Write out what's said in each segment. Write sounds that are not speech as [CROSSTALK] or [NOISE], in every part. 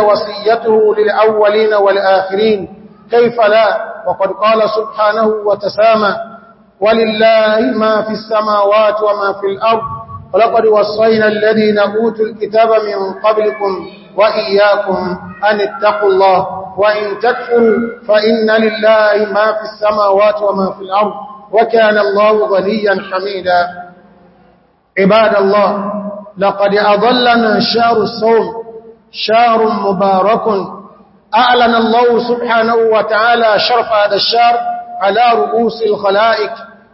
وصيته للأولين والآخرين كيف لا وقد قال سبحانه وتسامى ولله ما في السماوات وما في الأرض ولقد وصينا الذين أوتوا الكتاب من قبلكم وإياكم أن اتقوا الله وإن تكفروا فإن لله ما في السماوات وما في الأرض وكان الله غنيا حميدا عباد الله لقد أضلنا شهر الصوم شهر مبارك أعلن الله سبحانه وتعالى شرف هذا الشهر على رؤوس الخلائق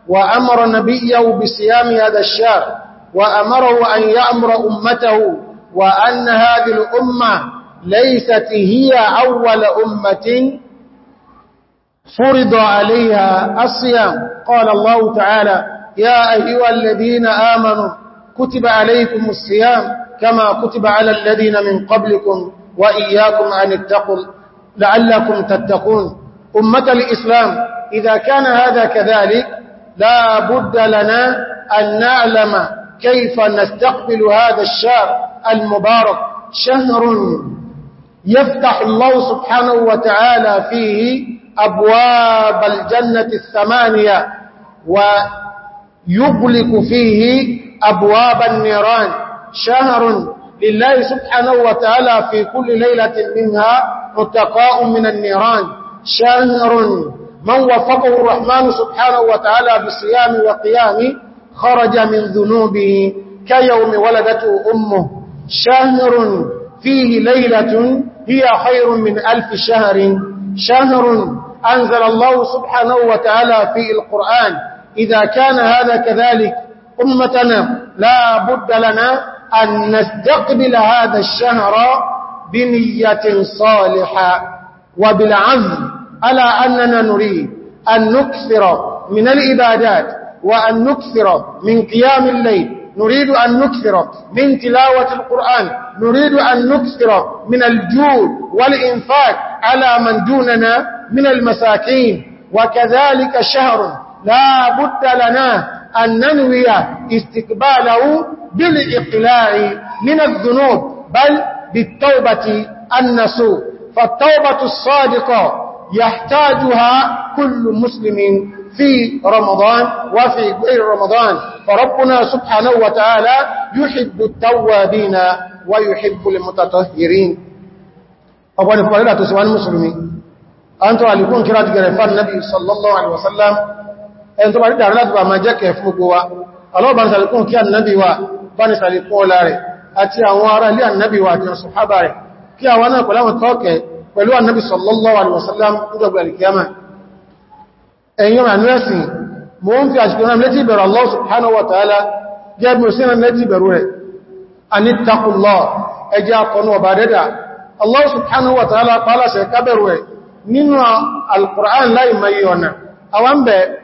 وأمر نبيه بصيام هذا الشهر وأمره أن يأمر أمته وأن هذه الأمة ليست هي أول أمة فرض عليها الصيام قال الله تعالى يا أيها الذين آمنوا كتب عليكم الصيام كما كتب على الذين من قبلكم وإياكم أن اتقوا لعلكم تتقون أمة الإسلام إذا كان هذا كذلك لا بد لنا أن نعلم كيف نستقبل هذا الشهر المبارك شهر يفتح الله سبحانه وتعالى فيه أبواب الجنة الثمانية ويغلق فيه أبواب النيران شهر لله سبحانه وتعالى في كل ليلة منها متقاء من النيران شهر من وفقه الرحمن سبحانه وتعالى بالصيام وقيام خرج من ذنوبه كيوم ولدته أمه شهر فيه ليلة هي خير من ألف شهر شهر أنزل الله سبحانه وتعالى في القرآن إذا كان هذا كذلك أمتنا لا بد لنا أن نستقبل هذا الشهر بنية صالحة وبالعزم ألا أننا نريد أن نكثر من العبادات وأن نكثر من قيام الليل نريد أن نكثر من تلاوة القرآن نريد أن نكثر من الجود والإنفاق على من دوننا من المساكين وكذلك شهر لا بد لنا أن ننوي استقباله بالإقلاع من الذنوب بل بالتوبة النسو فالتوبة الصادقة يحتاجها كل مسلم في رمضان وفي غير رمضان فربنا سبحانه وتعالى يحب التوابين ويحب المتطهرين أولا فقالة تسوى المسلمين أنتوا عليكم كرات جرفان النبي صلى الله عليه وسلم ẹn tó bá rí dàrí láti bá máa jẹ́kẹ̀ fún gbogbo wa ọlọ́ọ̀bá ní sàríkún kí annabi wa bá ní sàríkún ọlá rẹ̀ àti àwọn ará ilé annabi wa àti ọ̀sọ̀hábà rẹ̀ kí àwọn náà pẹ̀lú àwọn tọ́ọ̀kẹ̀ pẹ̀lú annabi sallallahu alaihi wasallam ń dọ̀gbà Allah subhanahu wa ta'ala jẹ́ kábẹ̀rù rẹ̀ nínú al-Qur'an láì mai ọ̀nà àwọn bẹ̀ẹ̀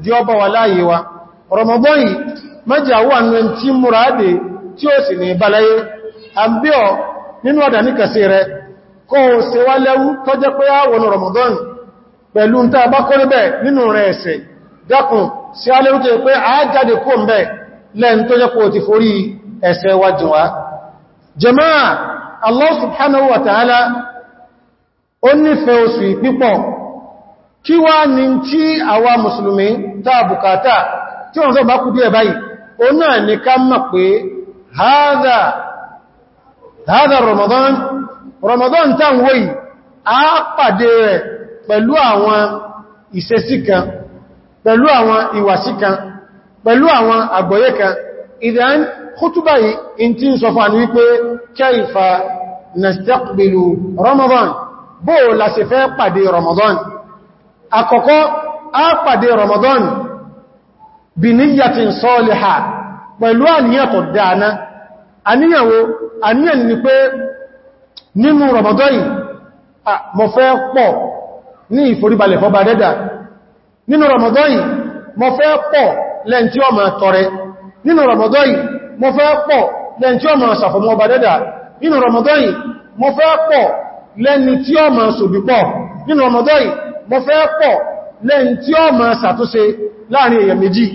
jí ọba wà láàyè wa Ramadan yìí mẹ́jà wà ní tí múraadé tí ó sì ní ìbálayé àbíọ̀ nínú ọ̀dà ní kẹsì rẹ kó o se wá lẹ́wú tó jẹ́ pé àwọn Ramadan pẹ̀lú ń tàbá kó níbẹ̀ nínú rẹ̀ ẹ̀sẹ̀ dákùn sí alẹ́rú tó jẹ́ pé a jáde kó Allah subhanahu wa ta'ala ó nífẹ̀ẹ́ oṣù pípọ̀ kí wá ní tí àwa mùsùlùmí táà bùkátà tí wọ́n sọ bá kú díẹ̀ báyìí o náà ní ká mọ̀ pé hádà Ramadan Ramadan táwọn yìí a pàdé rẹ̀ pẹ̀lú àwọn ìṣesí kan pẹ̀lú àwọn ìwàsí kan pẹ̀lú àwọn àgbọ́yé kan ìdán kútúbà yìí in tí ń sọ fún Ramadan bóò la ṣe fẹ́ Ramadan àkọ́kọ́ a pàdé Ramadan bí níyàtín ha pẹ̀lú àníyàtọ̀ dáaná àníyàwó àníyàn ni pé nínú Ramadan yìí mọ̀ fẹ́ pọ̀ ní ìforíbalẹ̀ fọba dẹ́dà nínú Ramadan yìí mọ̀ fẹ́ pọ̀ lẹ́n tí tọrẹ nínú Ramadan yìí mọ̀ fẹ́ pọ̀ lẹ́n tí mo fẹ́ pọ̀ lẹ́yìn tí ó máa ṣàtúnṣe láàrin èèyàn méjì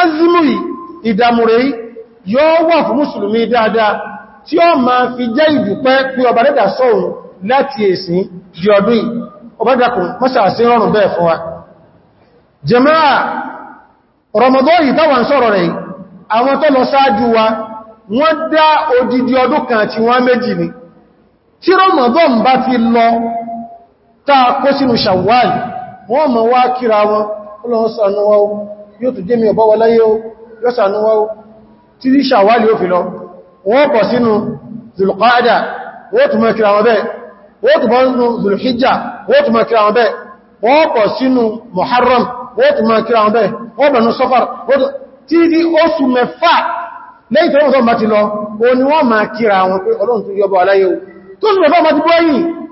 azimu ìdàmúrẹ́ yóò wà fún mùsùlùmí dáadáa tí ó máa fi jẹ́ ìdúpẹ́ pé ọba dẹ́dà sọ́run láti èsìn di ọdún ọbádàkùn mọ́sàásí rọrùn bẹ́ẹ̀ fún wa jẹmọ́ra rọmọdọ́ yìí táwọn sọ̀rọ̀ rẹ̀ àwọn tó lọ sáájú wa wọ́n dá odidi ọdún kan àti wọ́n méjì ni tí rọmọdọ́ ń bá ti lọ táa kó sínú Shawwal wọ́n mọ̀ wá kíra wọn ọlọ́run sànúwá ó yóò tó jẹ́ mi ọ̀bọ́ wọláyé ó yóò sànúwá ó tí rí Shawwal yóò fi lọ wọ́n pọ̀ sínú Zulqaada wọ́n tó mọ̀ kíra wọn bẹ́ẹ̀ wọ́n tó bọ́ sínú Muharram wọ́n tó mọ̀ kíra wọn bẹ́ẹ̀ wọ́n bẹ̀nu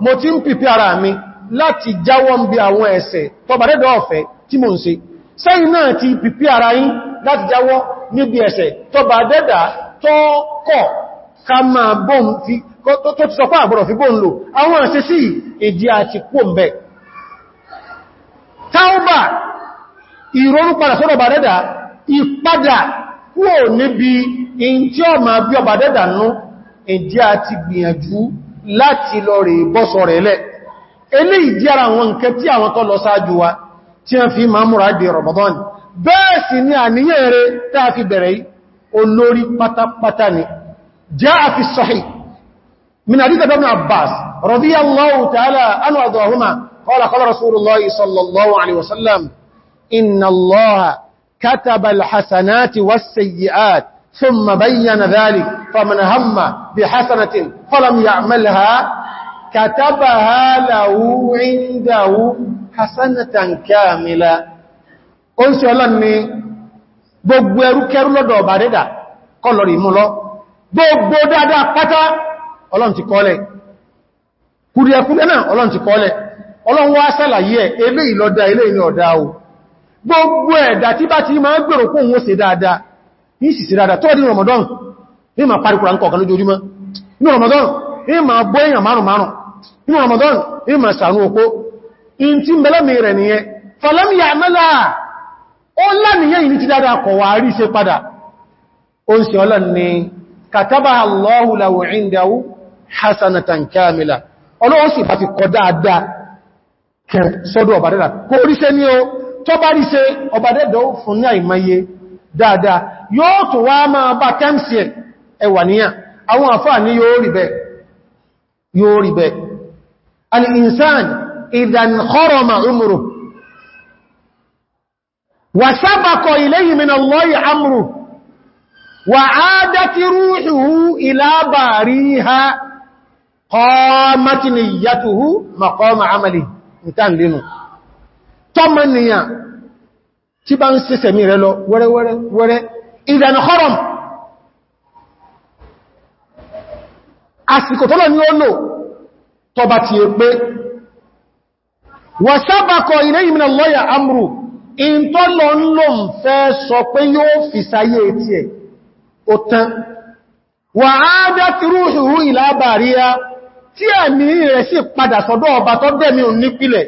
mo ti ń pìpì ara mi láti jáwọ́ ń bí àwọn ẹ̀ṣẹ̀ tọbàdẹ́dọ̀ ọ̀fẹ́ tí mo ń ṣe sẹ́yìn náà ti pìpì ara yín láti jáwọ́ níbi ẹ̀ṣẹ̀ tọbàdẹ́dà tọ́kọ̀ ká máa bọ́n fi tó ti sọpá àgbọ̀rọ̀ fi bọ́n lò àwọn àṣẹ sí èdè àti pòm̀bẹ̀ táúbà ìrọrún padà sọ́rọ̀ bàdẹ́dà àti gbìyànjú láti lọ rẹ̀ bọ́sọ̀ rẹ̀ lẹ́ eléyìí jẹ́ ara àwọn nǹkan tí àwọn tó lọ sáájú wa tí a fi máa múra dé Ramadan bẹ́ẹ̀ sì ni àníyàn rẹ̀ tá a fi bẹ̀rẹ̀ yìí olórí pátápátá ni jaa fi sahih min hadith ibn Abbas radiyallahu ta'ala ثم بين ذلك فمن هم بحسنة فلم يعملها كتبها له عنده حسنة كاملة gbogbo ní ìsìsì rádà tó Ramadan ní ma parí Kùránì kọ̀ọ̀kan lójoojúmọ́ inú Ramadan ma bọ́ èèyàn márùn ma in ti dáadáa kọ̀ wà rí hasanatan kamila ọlọ́wọ́ sì bá kọ dáadáa kẹ sọ́dọ̀ ọbàdẹ́dà kó ríṣẹ́ ní o tọ́bá ríṣẹ́ ọbàdẹ́dà fún ní àìmáyé dáadáa yóò tó wá máa bá tẹ́msì ẹ̀ ẹwà níyà àwọn àfáà ní yóò rí bẹ́ẹ̀ yóò rí bẹ́ẹ̀ al-insan idhan kharama umru wa sabaqa ilayhi min Allahi amru wa aadati ruhuhu ila bariha qamati niyyatuhu maqama amali ntan linu tọ́mọ nìyàn tí bá ń ṣẹ̀ṣẹ̀ rẹ lọ wẹ́rẹ́wẹ́rẹ́ ìrìn àmìkọ́rọ̀m àsìkò tọ́lọ̀ ní ó lò tọba ti è pé wọ̀sábàkọ̀ ilé ìmìnà lọ́yà amúrù in tó lọ ń lò ń fẹ́ sọ pé yóò fi sáyé etí ẹ̀ ó tán wà á dá ti rúhùrú ìlàbàríyá tí ẹ̀mí rẹ̀ sì padà sọ́dọ̀ ọba tó dẹ̀mí ò nípìlẹ̀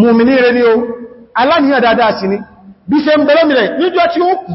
mùmìnì rẹ̀ ni ó aláníyàn dáadáa sí ni bí ṣe ń bẹ̀rẹ̀ mìírẹ̀ níjọ́ tí ó kù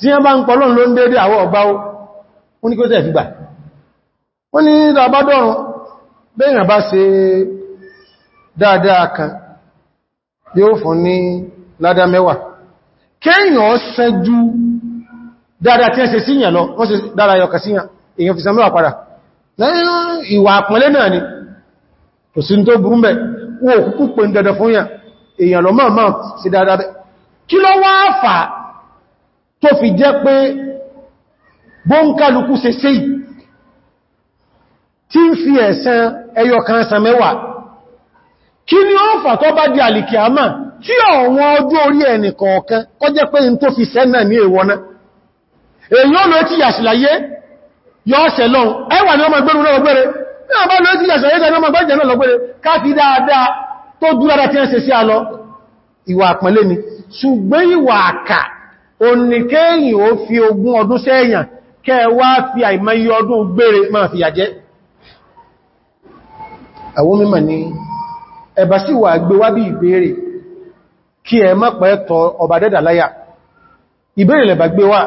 tí wọ́n bá ń pọ̀lọ́n ló ń dédé àwọ̀ ọgbá ó wọ́n ní kí ó tẹ̀ fígbà wọ́n ní ìdàbádọ́rùn bẹ́yìn bá ṣe dáadáa kan yóò fún ní ládá mẹ́wàá kéèyàn sẹ́jú dáadáa tí wọ́n ṣe síyàn lọ wọ́n ṣe dára yọkà kí lọ wá fàá tó fi jẹ́ pé bóńkálukú se sí tí ń fi ẹ̀sán ẹyọ kan san mẹ́wàá kí ni ó fà tó bá di àlìkìámà tí ọ̀wọ́n ọjọ́ orí ẹni kọ̀ọ̀kan kọ́ jẹ́ pé in tó fi sẹ́nà ní èwọ́ná èyàn ló ti yàṣìláyé yọ́ ọ̀sẹ̀ lọ́n ẹwà ni ọmọ ìgbẹ̀rún náà lọ́gbẹ̀rẹ̀ náà dáadáa tó dúrára tí ń ṣe sí alọ ìwà àpọ̀lẹ́ ni ṣùgbọ́n ìwà àkà òníkéyìn ó fi ogún ọdún sẹ́yàn kẹwàá fi àìmọye ọdún gbére máa fi yàjẹ́ àwọn mímọ̀ ni ẹ̀bà sí wà gbé ìbéèrè kí ẹ má pẹ́ ọba dẹ́dà láyà ìbéèrè lẹ̀bà gbé wá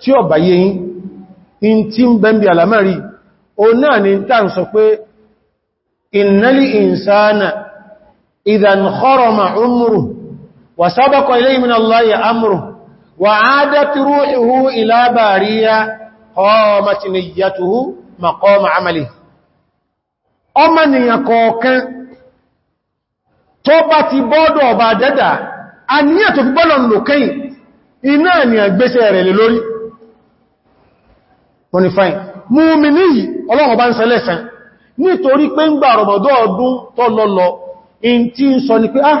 tí ọba yẹyìn in tí ń bẹ́m̀bí alamari o náà ni tá ń sọ pé innal insana idhan kharama umruhu وسبق إليه من الله أمره وعادت روحه إلى بارية قامت نيته مقام عمله ọmọ nìyàn kọ̀ọ̀kan tó bá ti bọ́dọ̀ ọba dẹ́dà a níyà tó fi bọ́lọ̀ ni àgbésẹ̀ rẹ̀ lè lórí mọ́nifáìn múmi níyì ọlọ́run in ni ah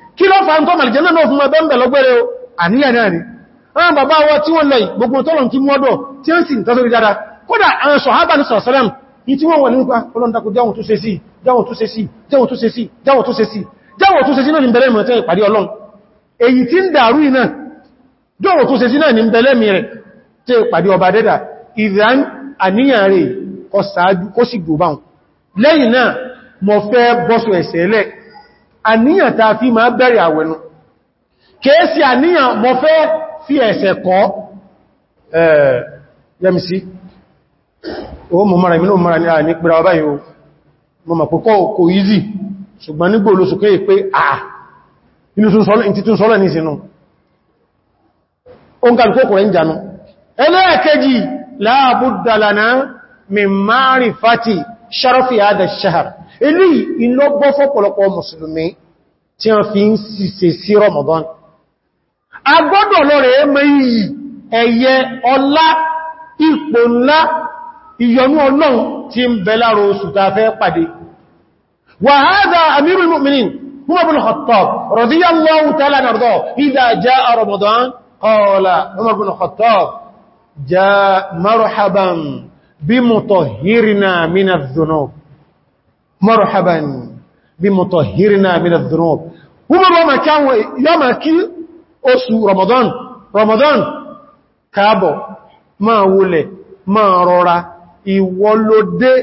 kí ló fa ǹtọ́ màlìjẹ́ náà fún ẹgbẹ́ lọ́gbẹ́rẹ́ àníyàn náà ni àwọn bàbá wọ́n tí wọ́n lọ ìgbogbo tọ́lọ̀ tí mọ́ dọ̀ tí ó sì tọ́sórí dára kódà àwọn sọ̀hábà ní sọ̀sọ́lẹ̀m ní tí wọ́n wọ́n nípa ọlọ́ndakú jáwọn tó ṣe sí jáwọn tó ṣe sí jáwọn tó ṣe sí jáwọn tó ṣe sí jáwọn tó ṣe sí náà ní bẹ̀rẹ̀ mọ̀ tẹ́ fẹ́ bọ́sù ẹ̀sẹ̀ lẹ́ àníyàn ta fi máa bẹ̀rẹ̀ àwẹ̀nu kèèsì àníyàn mọ́ fẹ́ fi ẹ̀sẹ̀ kọ́ yẹmìsí o mọ̀ mara ìmìnà mara ní àà ní pẹ̀rẹ̀ ọba yóò mọ̀ mọ̀ púpọ̀ kò yízi ṣùgbọ́n nígbò olóṣùké pé àà inú tún sọ́lọ̀ ní ìsinú o ń ma'rifati ṣarafi àdà ṣahar ilé iná gbọ́ fọ́pọ̀lọpọ̀ mùsùlùmí tí wọ́n fi ń ṣe sí Ramadan agbọ́dọ̀ lọ́rẹ̀ ẹmẹ́ yìí ẹ̀yẹ ọlá ipò ńlá ìyọnú Ọlọ́run tí ń bẹ láàrọ̀ oṣù ta fẹ́ pàdé wa hadha amirul mu'minin Umar ibn Khattab radiyallahu ta'ala anhu idha jaa marhaban بمطهرنا من الذنوب مرحبا بمطهرنا من الذنوب هم وما كان يما كي oṣù Ramadan Ramadan káàbọ̀ máa wulẹ̀ máa rọra ìwọ ló dé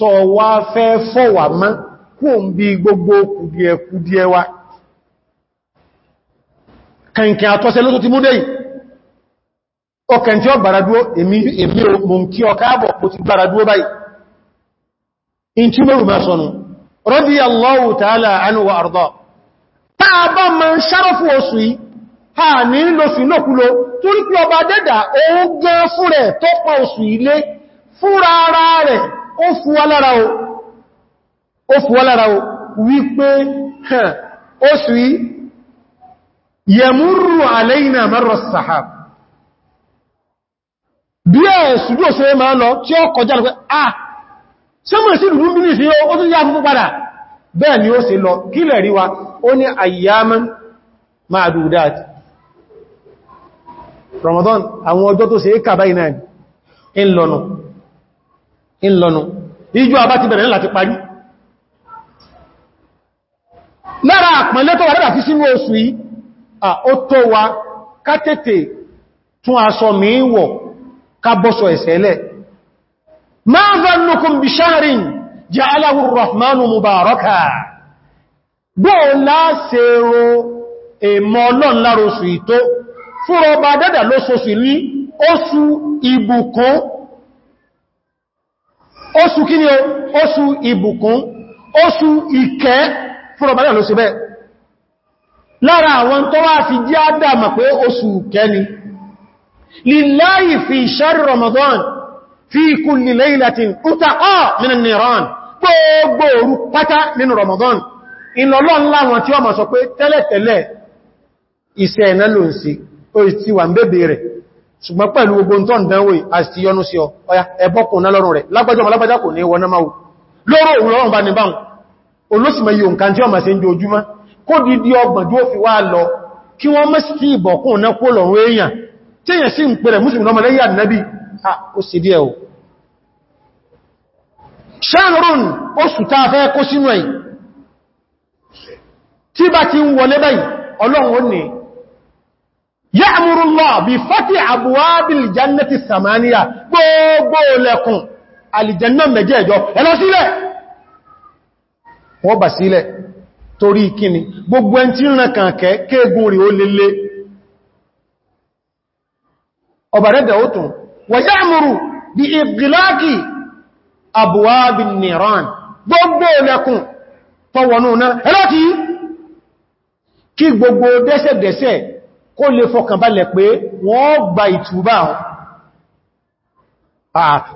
tó wá fẹ́ fọ́wà má kó ń bí gbogbo kùdíẹ̀kùdíẹ̀ wa kànkàn àtọ́sẹ̀ ló tó ti mú dẹ̀yìn ọkàn tí ó gbàradúó èmi o mọ̀ kí ọ káàbọ̀ kò ti gbàradúó báyìí in tí mẹ́rù máa sọnù radiyallahu ta'ala anhu wa arda táà bá ma ń ṣárọ́fù oṣù yìí ha ní lóṣù lókúlò torí pé ọba dẹ́dà ó gẹ́ fún rẹ̀ tó pa oṣù ilé fúra ara rẹ̀ ó bí ẹ̀ ṣùgbí ò ṣe máa lọ tí ó kọjá lọ pé à ṣẹ́mọ̀ sí ìlú bí ní ó tún yá fún padà bẹ́ẹ̀ ni ó ṣe lọ kí lẹ̀ ríwa ó ní àyàmán máa dùdáàt Ramadan àwọn ọjọ́ tó ṣe é kàbá iná ìlọ́nà ìlọ́nà ìjọ àbá ti bẹ̀rẹ̀ láti parí lára àpẹẹlẹ́ tó wà rẹ̀ tún aṣọ mi wọ̀ kábọ́sọ̀ ẹ̀sẹ̀lẹ̀ máa zannukum bí ṣáàrin jẹ́ aláhùn rahmanu mubaraka bó láṣẹ́rọ èmọ́ ọlọ́n lároṣù ìtó fúrọ bá dẹ́dà lóṣoṣù ní oṣù ìbùkún oṣù kíni oṣù ìbùkún oṣù ìkẹ́ fúrọ bá dẹ́dà lóṣoṣù ntọwa fi ni. لله في شهر رمضان في كل ليلة أتقى من النيران gbogbo pátá من رمضان إن الله wọn tí wọ́n ma sọ pé tẹ́lẹ̀tẹ́lẹ̀ iṣẹ́ ẹ̀nà ló ń ṣe ó ti wà ń bèbè rẹ̀ ṣùgbọ́n pẹ̀lú gbogbo tó ń dánwò àti yọnú sí ọya ẹbọ́kùn náà lọ́rùn rẹ̀ lágbàjọ́ kò ní wọná máa lóró òun lọ́rùn bá ní báhùn olóṣìmọ̀ yóò nǹkan tí wọ́n ma ṣe ń jojúmọ́ kó di ọgbọ̀n tí yẹ sí ń pèrè mùsùlùmí lọ́mọ lẹ́yìn ànábì à ó sì díẹ̀ o ṣánrún oṣù tá a fẹ́ kó sínú ẹ̀ tí bá ti ń wọlé báyìí ọlọ́run ní ya'murullah bi gbogbo ẹn tí ń ràn kànkẹ́ kéègùn rí ó lélé ọba rẹ̀dẹ̀ ó tún wà ya'muru bí ìgbìláàkì àbúwábì nìran gbogbo lẹ́kùn tọwọ̀nú náà ẹlọ́tí kí gbogbo dẹ́sẹ̀dẹ́sẹ̀ kó lè fọkànbalẹ̀ pé wọ́n gba ìtúbà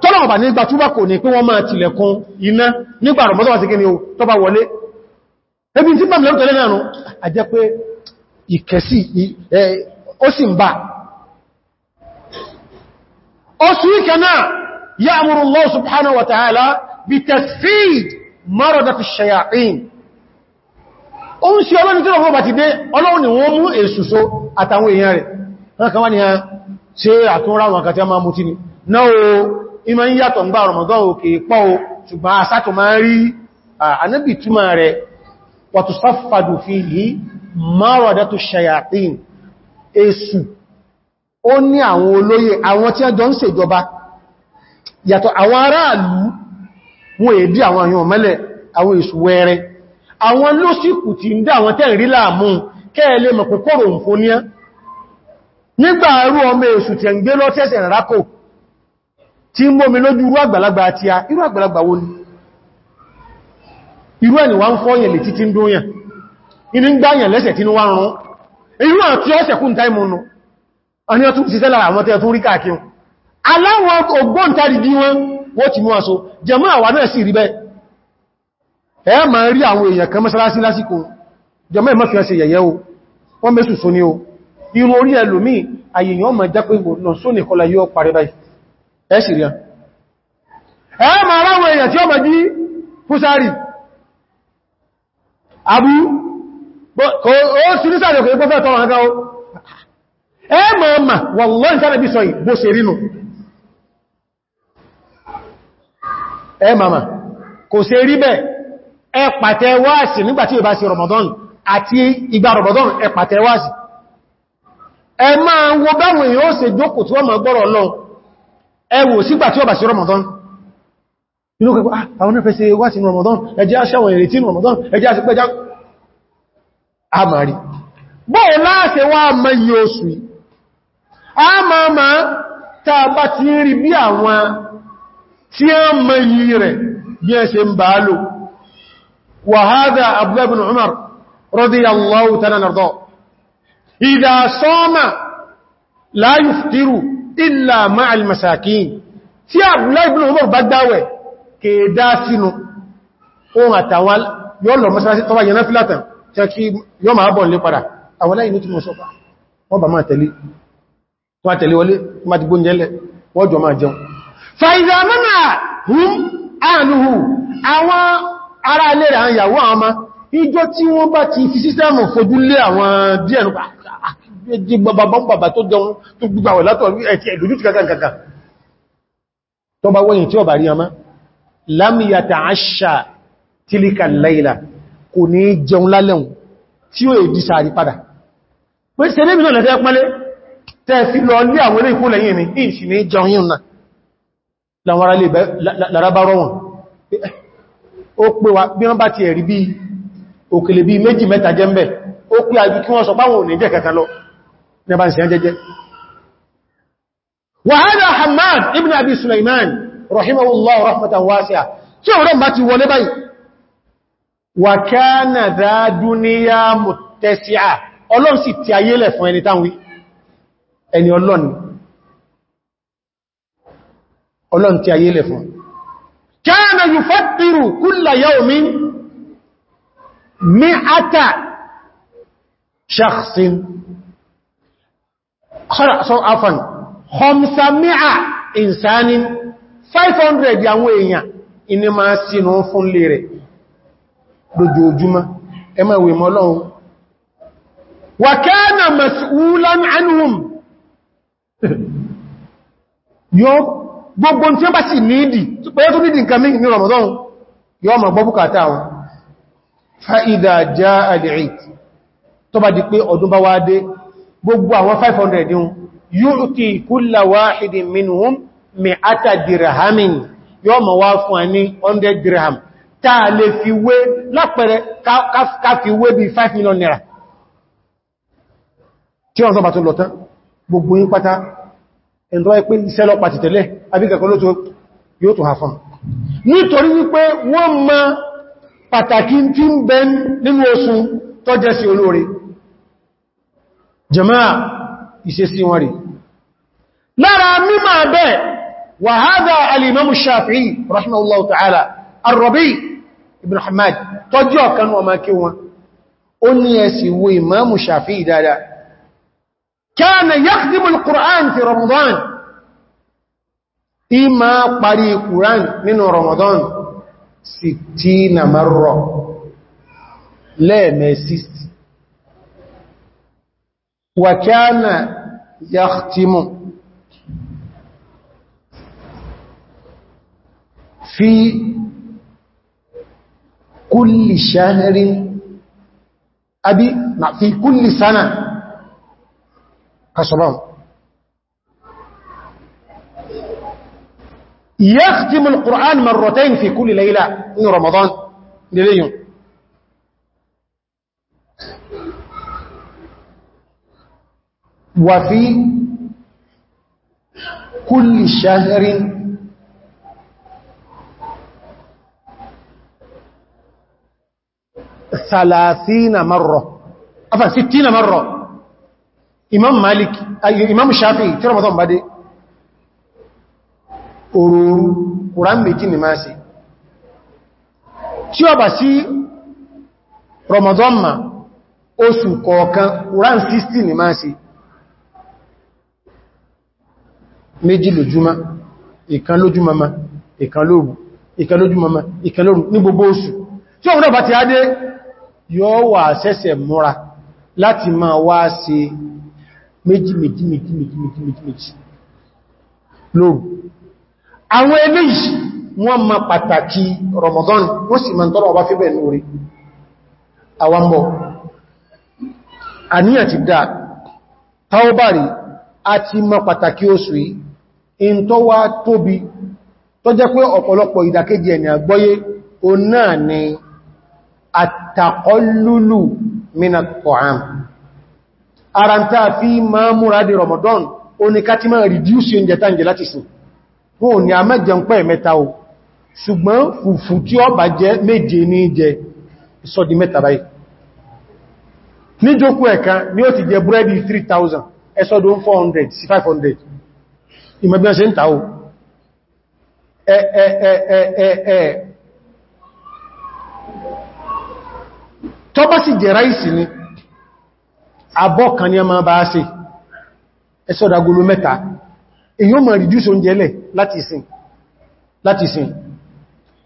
tọ́lọ̀ ọ̀bà nígbà túbà kò ní pé wọ́n máa tilẹ̀kùn iná nígbà rọ̀mọ́tọ́wà sí kíni o tọ́bà wọlé ebi tí pàmìlẹ̀ òtẹ́lẹ̀ náà àjẹ́ pé ìkẹsí ó sì ń bá أسوكنا يأمر الله سبحانه وتعالى بتسفيد مرضة الشياطين ó ń ọlọ́ni tí ọgbọ́n bá ti dé ọlọ́run ni wọ́n mú èsùsọ àtàwọn èèyàn rẹ̀ wọ́n kan wá ní ṣe àtúnrà a máa mú tí ni náà o ìmọ̀ ń yàtọ̀ ń bá ọ̀rọ̀mọ̀gán òkè pọ́ o ṣùgbọ́n asátọ̀ ó ní àwọn olóyè àwọn tí a jọ ń ṣèjọba yàtọ̀ àwọn aráàlú wọn èdí àwọn àyàn mẹ́lẹ̀ àwọn ìṣùwẹ́rẹ àwọn lóṣìkù ti ń dá àwọn tẹ́rì láàmú kẹ́ẹ̀lẹ́ mọ̀kòkòrò òǹfóníá nígbà arú ọmọ èṣù tí ẹ̀ ń gbé lọ́tẹ́sẹ̀ rákò tí ń bómi lójú irú àgbàlagbà àti a irú àgbàlagbà wo ni irú ẹni wá ń fọ́yẹ̀ ọ́sẹ̀kún táìmù nù ọni ọtún ti sẹ́lára àwọn tẹ́ tún rí káàkiri aláwọ̀ ògbóǹtarì bí wọn wọ́n ti mú aṣọ jẹmọ́ àwà náà sì rí bẹ́ẹ̀ ẹ ma rí àwọn èèyàn kan mọ́sálásí lásìkò jẹmọ́ ẹ̀mọ́ fi ọ́sẹ̀ yẹ̀yẹ́ o wọ́n mẹ́sù só ní o irun orí ẹlòmí àyèyàn ọmọ jápé ìwòrán só ní kọlá yóò ẹ mọ̀ ọmọ wọ̀lọ́n tánàbí sọ yìí bó ṣe rínú ẹ mọ̀mọ̀ kò ṣe rí bẹ́ ẹ pàtẹ wáàsì nígbàtí ò bá sí Ramadan àti ìgbà Ramadan ẹ pàtẹ wáàsì ẹ máa wo báwọn èèyàn ó ṣe jókòó tí wọ́n mọ̀ gbọ́rọ̀ lọ ẹ wò sígbà tí ó bá sí Ramadan inú kẹ́kọ́ ah, àwọn ẹ̀fẹ́ ṣe wá Ramadan ẹjẹ́ aṣẹ́wọ̀n ìrètí Ramadan ẹjẹ́ aṣẹ́pẹ́já àmàrí bọ́ọ̀ láàṣẹ wá mẹ́yìn oṣù a ma ma ta bá ti rí bí àwọn tí a mọ yìí rẹ̀ bí ẹ ṣe ń bá lò wa hadha Abdullah ibn Umar radiyallahu ta'ala anhu idha sama la yuftiru illa ma'al masakin tí Abdullah Umar bá dáwẹ̀ kèèdá sínú ohun àtàwọn yóò lọ mọ́sánásí tọ́wà yẹn fílátà tí a máa bọ̀ lé àwọn aláìní tí mo sọ́pàá wọ́n bà máa tẹ̀lé wọ́n tẹ̀lé wọlé má ti gbóúnjẹ́lẹ̀ wọ́n jọ máa jẹun. fàìzà mọ́nà hún àánúhù àwọn ará ilé rẹ̀ àwọn ìyàwó àwọn ọmọ ìjọ tí wọ́n bá ti fi sísẹ́mù fojú lé àwọn díẹ̀ tí ó èdí sàárì padà. pé sẹ́lẹ́mì náà lẹ́fẹ́ pẹ́lẹ́ tẹ́ẹ̀fí lọ lé àwọn ilé ìkúnlẹ̀ yìí ni ìṣì ní jọ yìí náà láwọn ará lè lárábárọ̀ eh, ó wa bí wọ́n bá ti ẹ̀rí bí òkèlè bí méjì mẹ́ta jẹ́ mẹ́ ó pé àjú kí wọ́n sọ páwọn òní jẹ́ Abi Suleiman wọlé ọlọ́run sì ti ayé lẹ̀ fún ẹni ẹni ọlọ́ni ọlọ́n tí ayé lẹ̀ fún kana yufattiru kulla yawmin mi'ata shakhsin so afan khamsa mi'a insanin 500 àwọn èèyàn inú máa sínú fún lè rẹ̀ lójoojúmọ́ ẹmọ̀ ìwé mọ́lọ́run wa kana mas'ulan anhum yóò gbogbo tí ó bá sì nídì pé ó tún nídì nǹkan ní Ramadan yóò mọ̀ gbọ́ bùkátà wọn fa'ida já al-Eid tó bá di pé ọdún bá wá dé gbogbo àwọn 500 yun yu'ti kulla wahidin minhum mi'ata dirhamin yóò mọ̀ wá fún a ní 100 dirham táà lè fi wé lápẹẹrẹ ká fi wé bí 5 million naira tí wọ́n sọ bá tún lọ tán gbogbo yín pátá ẹ̀ndọ́ ẹ pé iṣẹ́ lọ pàtì tẹ̀lẹ̀ abíkẹ̀kọ́ ló yóò tó hafán nítorí wípé wọ́n ma pàtàkì tí ń bẹ nínú oṣù tó jẹ́ sí olóore jama'a ìṣesí wọn rí lára mímọ̀ bẹ́ wa hadha alimamu shafi'i rahimahullahu ta'ala arrobi ibn hamad tọ́jú كان يخدم القرآن في رمضان إما قري القرآن من رمضان ستين مرة لا ما وكان يختم في كل شهر أبي في كل سنة خسران يختم القرآن مرتين في كل ليلة من رمضان لليون وفي كل شهر ثلاثين مرة أفا ستين مرة imam malik imam shafi tí ramadan bá dé òrùrù kùrán méjì ni máa ṣe tí ó bá sí ramadan ma oṣù kọ̀ọ̀kan kùrán 60 ni máa ṣe méjì lójúmá ìkan lójúmọ́má ìkan lóru ìkan lójúmọ́má ìkan lóru ní gbogbo oṣù tí òun náà bá ti á dé yóò wà sẹ́sẹ̀ láti máa wá ṣe méjì méjì méjì méjì méjì méjì méjì lóòrù àwọn eléyìí wọ́n ma pàtàkì Ramadan wọ́n sì ma ń tọ́rọ ọba fíbẹ̀ lórí àwọmọ̀ àníyàn ti taubari a ma pàtàkì oṣù yìí in tó wá tóbi tó jẹ́ pé ọ̀pọ̀lọpọ̀ ìdàkejì ẹni àgbọ́yé o náà ni mínà ara ń tàà fi máa múra di Ramadan o ní ká ti máa reduce oúnjẹ tàǹjẹ láti sùn wọn ni ní a mẹ́jẹun pẹ́ mẹ́ta o ṣùgbọ́n fùfù tí ó bá jẹ méje ní jẹ ìsọ́dí mẹ́ta báyìí ní jókù ẹ̀kan ni ó ti jẹ búrẹ́dì 3000 ẹsọ́dún 400 sí 500 ìmọ̀bíọ́n ṣe ń tàó ẹ̀ẹ̀ẹ̀ẹ̀ẹ̀ẹ̀ tọ́bá sì jẹ ráìsì ni abọ́kan ní ọmọ bá ṣe ẹsọ́dagolo mẹ́ta èyí ó mọ̀ reduce oúnjẹ lẹ̀ láti ìsìn láti ìsìn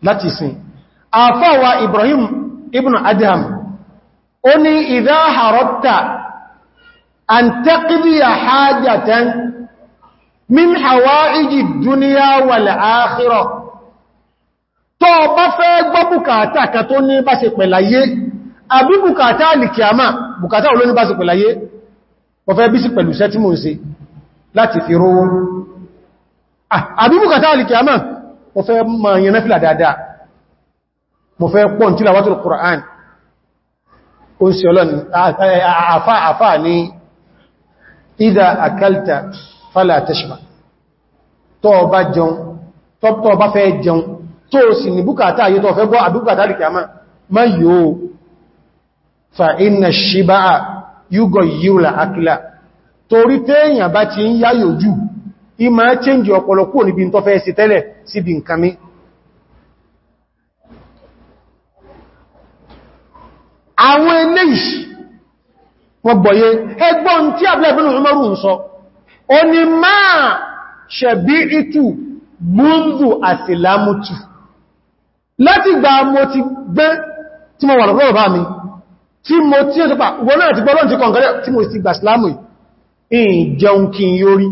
láti ìsìn àfáwà Ibrahim ibn Adham ó ní idha harata an taqdiya hajatan min hawaiji duniya wal akhirah tó bá fẹ́ gbọ́ bùkátà kan tó ní bá ṣe pẹ̀láyé àbí bùkátà alìkìyàmà bùkátà olóní bá sí pẹ̀láyé ọ̀fẹ́ bí sí pẹ̀lú iṣẹ́ tí mo ń ṣe láti fi rówó àbí bùkátà alìkìyàmà ọ̀fẹ́ ma yẹnà fìlà dáadáa mo fẹ́ pọ̀ tí láwátùl Qur'an ó sì ọlọ́ni àfá àfá ní ìdá àkáltà fálà tashba tó bá fa'ina ṣíbáà yúgọ yíula akílá torí téèyàn bá ti ń yáyò jù ìmá change ọ̀pọ̀lọpọ̀ níbi tó fẹ́ sí tẹ́lẹ̀ síbi nkàmí àwọn eléyìí wọ́n gbọ́yé ẹgbọ́n tí àbúlẹ̀bínú Umaru ń sọ o ni máa ṣẹ̀bí ìtù múndù àsìlámùtù láti gbà mo ti gbé tí mo wà lọ́rọ̀ bá mi tí mo tí ó sọpá wọ́n náà ti gbọ́ lọ́n ti kọ̀ǹkẹ́lẹ̀ tí mo sì gbà sílámù ìyìn jẹun kí yórí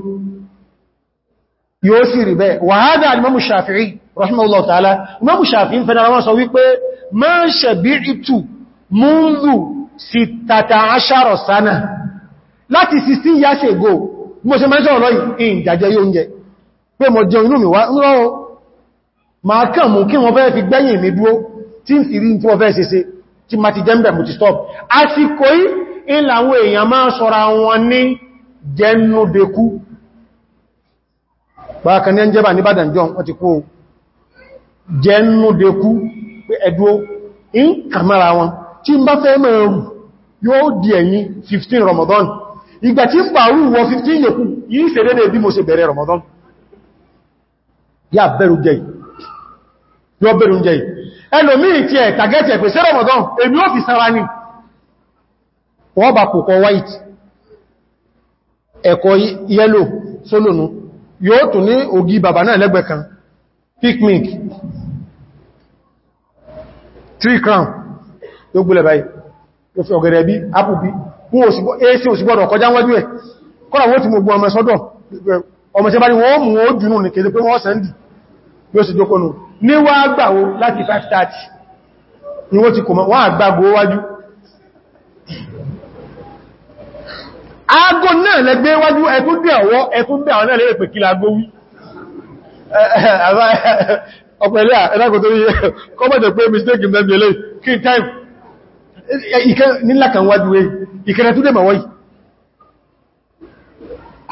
yóò sì rí bẹ́ẹ̀ wàhádà alimamu shafi'i rahimahullahu ta'ala imamu shafi'i ń fẹ́nara wọ́n sọ wípé ma shabi'tu mundu sittata ashara sana láti 16 years ago mo se mẹ́jọ́ ọ̀rọ̀ ìyìn jàjẹ yóò jẹ pé mo jẹun fẹ́ tí ń sì rí tí wọ́n fẹ́ ṣe ṣe tí ma ti jẹ́mbẹ̀ mú ti stop àsìkò yí ìlàwó èèyàn máa sọ́ra wọn ní jẹ́núdekú bákan ní ẹ́ jẹ́bà ní bàdàn john wọ́n ti kó jẹ́núdekú pé ẹ̀dùó in kàmára wọn tí ń bá fẹ́ mẹ́rù yóò di ẹ̀yìn 15 Ramadan ìgbà tí ń pàrú wọ 15 yòkú yìí ṣe dédé bí mo ṣe bẹ̀rẹ̀ Ramadan yà bẹ̀rù jẹ́ yìí ẹlòmíì tí ẹ̀ tàgẹ́tì ẹ̀ pé sí Ramadan èmi ó fi sára ní wọ́n bá pòkọ white ẹ̀kọ́ yẹ́lò sólónú yóò tún ní ògì bàbá náà lẹ́gbẹ̀ẹ́ kan picnic three crown yóò gbúlẹ̀ báyìí yóò fi ọ̀gẹ̀rẹ̀ bí apple bí èsì òsìgbọ́dọ̀ kọjá wájú ẹ̀ kọ́nà ni wọ́n mú ó jùnú ní kéde yóò sì jókónù ní wá gbàwó láti 5:30 ni wọ́n ti kò mọ́ wọ́n àgbàgbò wájú aago náà lẹ́gbẹ́ wájú ẹkún bí ọwọ́ ẹkún bí àwọn náà lè pè kí láago wí [LAUGHS] ọ̀pẹ̀lẹ́ time nílákan wájú ẹ ìkẹrẹ tó dẹ̀ mọ̀ wọ́yìí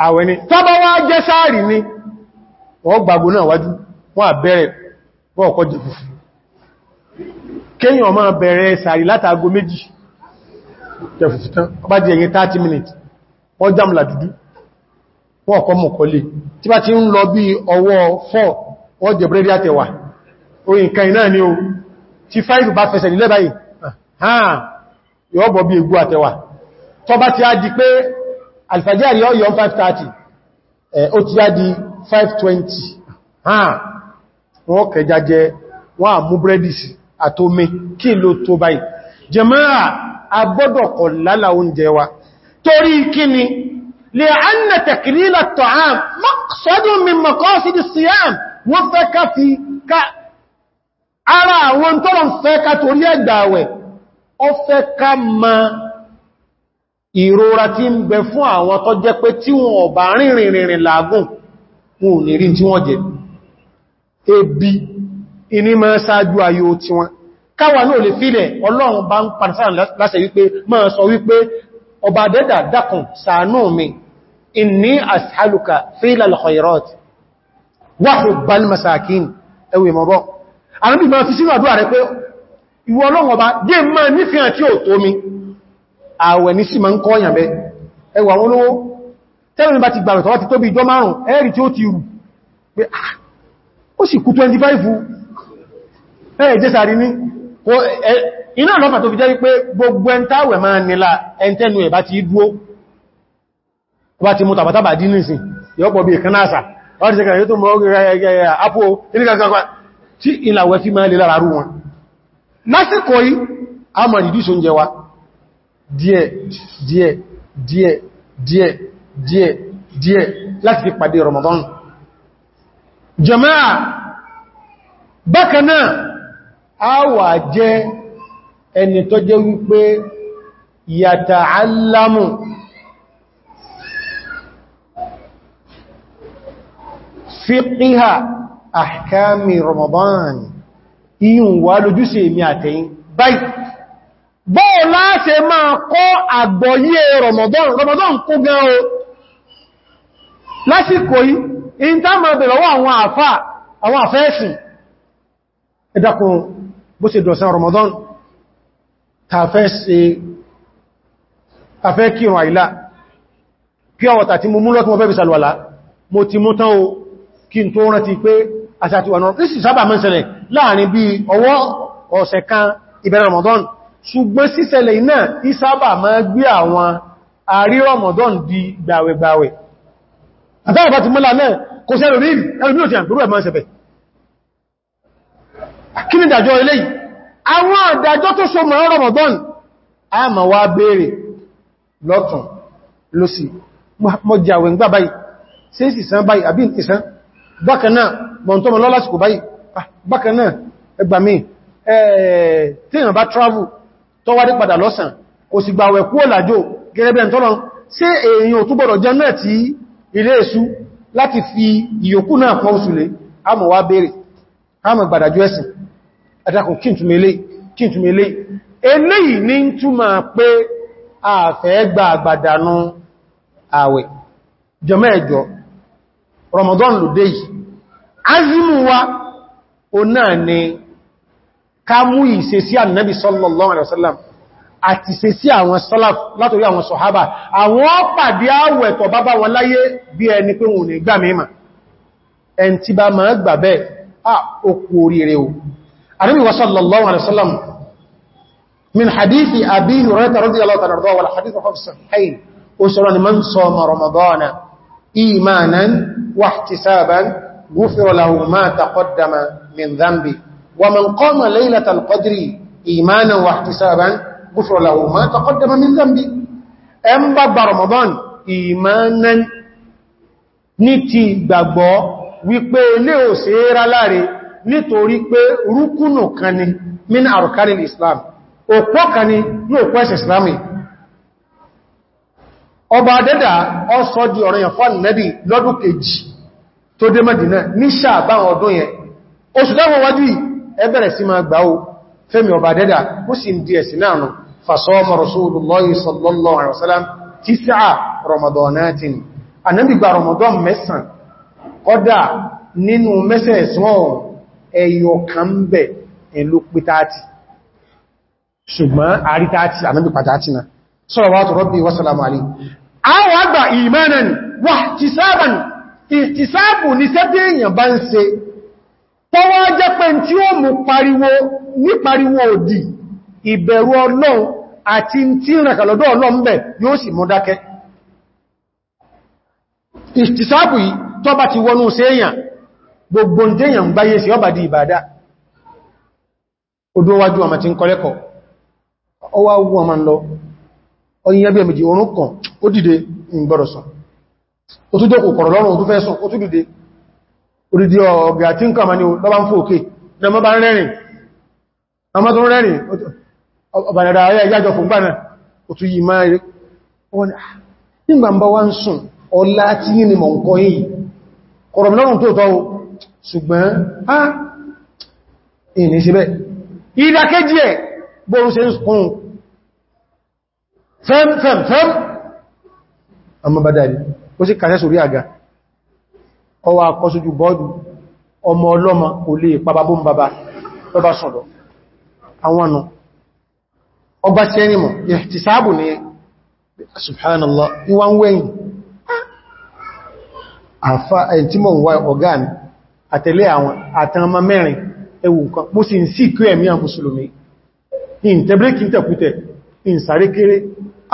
àwẹ̀ ni tọ́bọ̀ wá jẹ́ sáàrì ni wọ́n gbàgbò náà wájú wọ́n àbẹ̀rẹ̀ wọ́n ọ̀kọ́ jẹ fùfú kéyàn máa bẹ̀rẹ̀ sàárì látago méjì jẹ fùfú tán ọba jẹ ẹ̀yẹ 30 minutes wọ́n jámùlà dúdú wọ́n ọ̀kọ́ mọ̀kọ́lé tí bá ti ń lọ bí ọwọ́ 4 wọ́n jẹ búrẹ́dì àtẹ̀wà oyin ni o tí 5 bá fẹsẹ̀ nílẹ̀ báyìí yọ́ bọ̀ bí egú àtẹ̀wà tó bá ti á di pé alfajari ọ̀yọ́ 530 wọ́n kẹja jẹ wọ́n àmú brẹ́dìsì àtomi kí ló tó báyìí jẹmọ́ra agbọ́dọ̀ kọ̀ lálà oúnjẹ wa torí kí ni lè anna tẹ̀kìlílà tọ̀hán maqsadun min maqasidi siyam wọ́n fẹ́ ká fi ká ara àwọn tọ́rọ fẹ́ ká torí ẹgbàwẹ̀ ọ fẹ́ ká ma ìrora tí ń bẹ fún àwọn tó jẹ́ pé tí wọn ọ̀bà rìnrìnrìn làágùn wọn ò ní rí tí wọ́n jẹ́ ebi iní máa ṣáájú ayò tí wọn káwà náà lè fílẹ̀ ọlọ́run bá ń pàtàkì láṣẹ wípé máa sọ wípé ọba dẹ́dà dákùn ṣàánú mi inni as'aluka fílà masakin ẹwẹ̀ mọ́bọ́ arábì máa fi sínú àdúrà rẹ pé ìwọ mi àwẹ̀ ní sí máa ń kọ́ ọ̀yàn bẹ́ ẹwà wọn lówó tẹ́lẹ̀ mi bá ti gbàrẹ̀ tọ́wọ́ ti tóbi ìjọ márùn-ún ẹ́rì tí ó ti rù pé ah, ó sì kú 25 ẹ̀ jẹ́sàrí ní iná lọ́pàá tó fi jẹ́ wípé gbogbo ẹn táwẹ̀ máa nílá ẹntẹ́nu ẹ̀ bá ti dúó bá ti mú tàbátàbà dín nìsìn yọ́pọ̀ bí ìkanáàsà wọ́n ti sẹ́kàrà yóò tó mọ́ àpò wa díẹ̀ díẹ̀ díẹ̀ díẹ̀ díẹ̀ díẹ̀ láti fi pàdé Ramadan jama'a bákanáà a wà jẹ ẹni tó jẹ́ wípé yata'allamu fiqha ahkami ramadan iyun wà lójúṣe èmi àtẹ̀yìn báyìí bọ́ọ̀ láti máa kọ́ àgbọ́yé ramadan ramadan kó gan o lásìkò yìí in ta mọ̀ bèèrè wọ́n àwọn àfá àwọn àfẹ́ẹ̀sì ẹ̀dàkùn bó ṣe dọ̀sẹ̀ Ramadan tàfẹ́ kírùn àìlá kí ọwọ̀ tàti mú mú lọ́tún ọfẹ́bì sàlùwàlá mo ti mú tán o kí n tó rántí pé àṣàtì wọ̀nà ìsì sábà mọ́ ṣẹlẹ̀ láàrin bí ọwọ́ ọ̀sẹ̀ kan ìbẹ̀rẹ̀ Ramadan ṣùgbọ́n síṣẹlẹ̀ iná ìsábà mọ́ gbé àwọn àrí Ramadan di gbàwẹ̀gbàwẹ̀ àtàwọn bá ti mọ́lá náà kò sẹ́rò rí ẹlùmí òtí àgbòrò ẹ̀mọ́ ẹsẹ̀fẹ́ kí ni ìdàjọ́ ilé yìí àwọn ìdàjọ́ tó so mọ̀ Ramadan a ma wá béèrè lọ́tún lọ́sí mọ́já àwẹ̀ ńgbà báyìí sí ìsìsán báyìí àbí ìsìsán bákanáà mọ̀ntọ́mọ̀ lọ́lásìkò báyìí ah, bákanáà ẹgbà mi travel tó wá dé padà lọ́sàn kò sì gbà àwẹ̀ kú ọ̀làjò gẹ́gẹ́ bẹ́ẹ̀ tọ́lọ sí èèyàn tó ilé èṣú láti fi ìyókù náà pọ̀ òṣùlé a mọ̀ wá bèèrè a mọ̀ gbàdàjú ẹ̀sìn ẹ̀dàkùn kí n túnmẹ̀ ilé kí n túnmẹ̀ ilé eléyìí ní túnmà pé àfẹ́ gba àgbàdànú àwẹ̀ jọmẹ́ẹ̀jọ Ramadan lòdé yìí azimu wa o náà ni ká mú ìṣesí Ànábì sallallahu alaihi wasallam àti ṣe sí àwọn salaf látorí àwọn sọ̀hábà àwọn pàdé àwẹ̀ tọ̀ bábá wọn láyé bí ẹni pé wọn ní gbà mímọ̀ ẹn tí bá máa gbà bẹ́ẹ̀ à okù oríire o Ànábì sallallahu alaihi wasallam min hadithi Abi Hurairah radiyallahu ta'ala anhu wal hadith fi sahihayn usran man sama غفر له ما تقدم من ذنبي ẹn bá gba Ramadan ìmánà ní ti gbàgbọ́ wípé ilé ò sí rá nítorí pé rúkúnù kan ni min àrùkárí Islam òpó kan ni ní òpó ẹ̀sẹ̀ Islami ọba di fún lọ́dún kejì tó dé ní sàbá ọdún yẹn oṣù wájú ẹbẹ̀rẹ̀ sí gbà ó fẹ́mi ọba Adẹ́dà ó sì ń di ẹ̀sìn فصام رسول الله صلى الله عليه وسلم تسع رمضانات Ànábì gba Ramadan mẹ́sàn kódà nínú mẹ́sẹ̀ẹ̀sán ẹyọ kan bẹ̀ ẹ̀lú pítàtì ṣùgbọ́n àrítàtì Ànábì pàtàtì na salawatu rabbi wa salamu alayhi àwọn àgbà imanan wa ihtisaban ihtisabu ní sẹ́dẹ̀ èèyàn bá ń ṣe tọ́wọ́ jẹ́ pẹ́ tí ó mú pariwo ní pariwo òdì ìbẹ̀rù ọlọ́run àti tí ìrìnkàlọ́dọ́ ọlọ́run bẹ̀ yóò sì mọ́ dákẹ́ ìtìsáàpù yìí tó bá ti wọnú sí èyàn gbogbo ǹdẹ́yàn gbáyé sí ọba di ìbàdá odó wájú ọmọ ń kọlẹ́kọ̀ ọwá ogun ọmọ ń lọ ọ̀bàdàdà ayá ìyájọ fún gbána òtù yìí máa rí wọ́n ah, nígbà ń bá wá ń sùn ọlá tí ah, ní mọ̀ nǹkan yìí kọ̀rọ̀mìnàrùn tó tọ́ ṣùgbọ́n á ìní síbẹ̀ ìdákéjì ẹ̀ bóòrùn se ń kún fẹ́m fẹ́m fẹ́m àmàbàdàrí ó sì kàṣẹ́ sórí àga ọwà akọ́sójú bọ́ọ̀dù ọmọ ọlọ́mọ kò lè pàbàbùn bàbá lọ́bá sọ̀rọ̀ àwọn náà ọba tí ẹni mọ̀ ìhtisáàbù ní subhanallah ìwọ̀n wẹ́yìn àfá ẹni tí mọ̀ wà ọ̀gá mi àtẹ̀lé àwọn àtàmà mẹ́rin ẹwù nǹkan mú sí sí kí ẹ̀mí àwọn mùsùlùmí tẹ́bíríkì tẹ̀kútẹ̀ in sáré kéré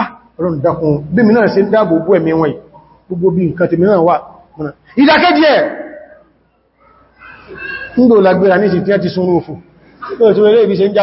ah ọlọ́run dákun bí mi náà ṣe ń dáàbò bú ẹ̀mí wọn gbogbo bí nǹkan tèmi náà wà ìdákẹ́jì ẹ̀ ń gbò lágbéra ní ìsìn tí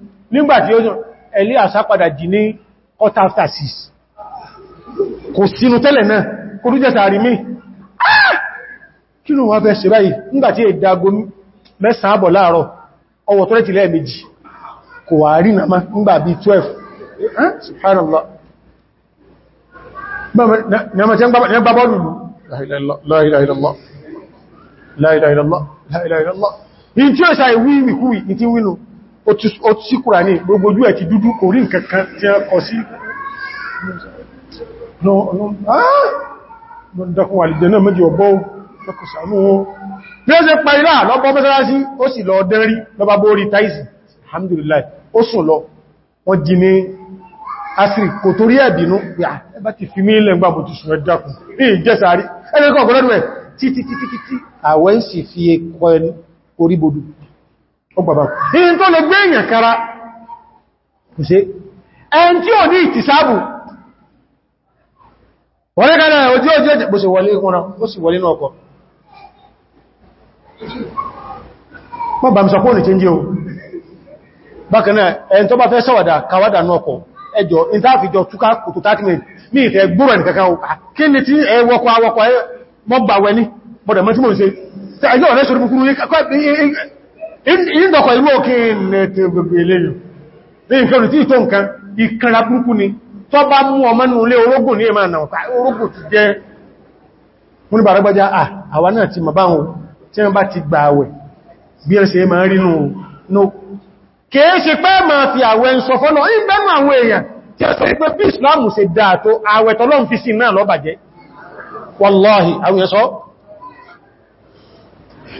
nígbàtí ó sùn ẹ̀lé àṣápadà jì ní quarter after six kò sínú tẹ́lẹ̀ náà kò rú jẹta rí mí ah! kí ló wá fẹ́ ṣe báyìí nígbàtí ìdágo mẹ́sàn àbọ̀ láàárọ̀ ọwọ̀ tó rẹ̀tìlẹ̀ méjì kò wà rí nàmá nígbà 12 subhanallah in tí ó ṣàìwí ìtí wínú ó ti síkùrà ní gbogbo ojú ẹ̀ ti dúdú kò rí nǹkankan tí a kọ sí ah! dákun àlìjẹ náà méjì ọ̀bọ́ lọ́kùsànú o bí ó ṣe pa ilá lọ́bọ́ mẹ́sàrásí ó sì lọ dẹ́rí lọ́bá bórí táìsì alhamdulillah ó sùn lọ wọ́n jí ní asìrì kò torí ẹ̀bìnú ah, ẹbá ti fi mí gbàmù ti sùn ẹ̀dàkùn ní ìjẹ́sàárí ẹgbẹ́kọ̀ọ́gọ́lọ́dún ẹ̀ títítítítí àwẹ́ ń sì fi ẹkọ oríbodù ó bàbá ìyìn tó lè gbé èèyàn kára kò sí ẹn tí ò ní ìtìsáàbù wọlé kan náà ojú ojú ẹjẹ̀ bó sì wọlé ìkúnra ó sì wọlé náà kọ mọ́ bàmì sọpọ̀ ní tíndí o bákan náà ẹn tó bá fẹ́ sọ́wàdà kàwàdà náà kọ ẹjọ́ ìtàfijọ túká kòtò 30 minutes ní ìfẹ́ gbúrò ní kankan kí ni ìdọ̀kọ̀ ìlú òkè ẹ̀tẹ̀ gbogbo eléyìn ní ìfẹ́rù tí ìtò nǹkan ni tó bá mú ọmọ ní ilé orógùn ní ìmọ̀ àwọn orógùn ti jẹ́ múnibàrágbájá náà ti mọ̀ tí wọ́n bá ti àwẹ̀ bí fi àwẹ̀ ń sọ sọ pé Islam àwẹ̀ fi sí náà lọ́bàjẹ́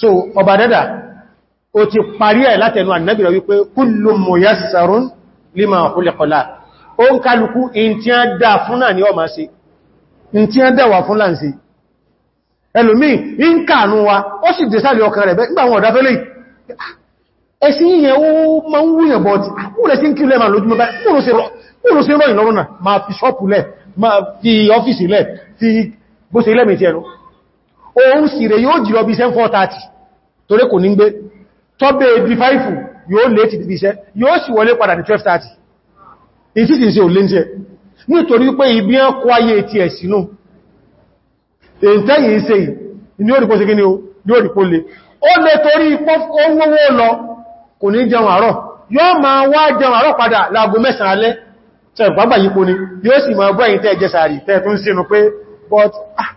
so ọba dẹ́dà ó ti parí ẹ̀ látẹnu ànẹ́bìrẹ̀ wípé kullu muyassarun lima khuliqa lah ó ń kálukú in tí a dá fún náà ni ọ in tí a dẹ̀wà fún láǹsí ẹlòmí in kàánú wa ó sì dé sáàlì ọkàn rẹ̀ nígbà wọn ọ̀dá fẹ́lẹ̀ ẹ̀sìn yẹn ó ma ń wúyẹ̀ bọ̀ tí múrẹ̀ ah, sí ń kí lẹ́mà lójúmọ́ ma fi ṣọ́pù ma fi ọ́fíìsì lẹ̀ fi bó ṣe òun sì rẹ̀ yóò jìlọ bí iṣẹ́ 430 torí kò ní gbé tọ́bẹ̀ ibi 5 yóò lè ti bí iṣẹ́ yóò sì wọlé padà ní 1230 ìsì sì sí ò lé ní ẹ̀ nítorí pé ibi ẹ́ kó ayé ti ẹ̀ sínú èntẹ́yìn ìṣe ni ó rípo sí kí ni ó rípo lè ó lè torí owó lọ kò ní ni yóò sì máa gbọ́ ẹ̀yìn tẹ́ pé but ah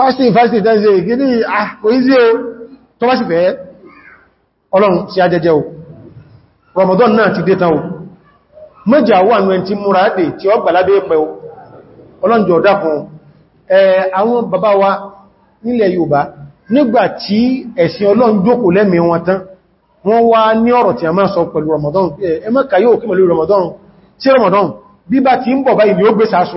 fasting fasting tẹ́ ṣe gidi àkòízí ah, o tó bá sì fẹ́ ọlọ́run sí ajẹjẹ o Ramadan náà ti dé tán o mẹ́jà wà ní ẹn tí múra dè tí ó gbà lábẹ́ pẹ́ o ọlọ́njọ́ dákun àwọn bàbá wa nílẹ̀ Yorùbá nígbàtí tí a máa sọ Ramadan ẹmẹ́ka yóò kí Ramadan tí Ramadan bí bá ti ń bọ̀ báyìí ni ó gbé sàásù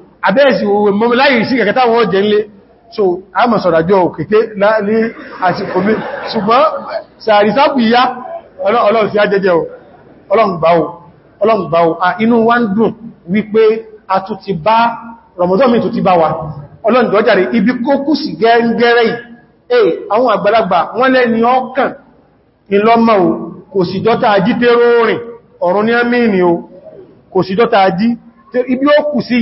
àbẹ́ẹ̀sì òwe mọ́mí láyé sí kẹta wọ́n jẹ nlé so a mọ̀ sọ̀rọ̀jọ́ òkèké ní àsìkò mi ṣùgbọ́n sàrìsáàbù ìyá ọlọ́run sí ajẹ́jẹ́ o ọlọ́run o inú wa ń dùn a tún ti bá Ramadan mi tún ti bá wa ọlọ́run dọ́jàre ibi kó kù sí gẹ́rẹ́gẹ́rẹ́ eh àwọn àgbàlagbà wọ́n o kò sì jọta ají tẹ́rọ rìn ọ̀run ní àmì o kò sì jọta ají ibi ó kù sí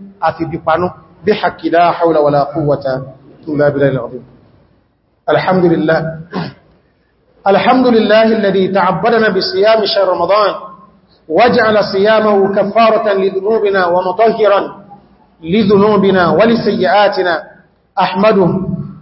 àfi bí panú bí hakila haula wala quwwata illa billahi al-azim alhamdulillah alhamdulillah alladhi ta'abbadana bi siyam shahr ramadan waj'ala siyamahu kaffaratan lidhunubina wa mutahhiran lidhunubina wa lisayyi'atina ahmaduhu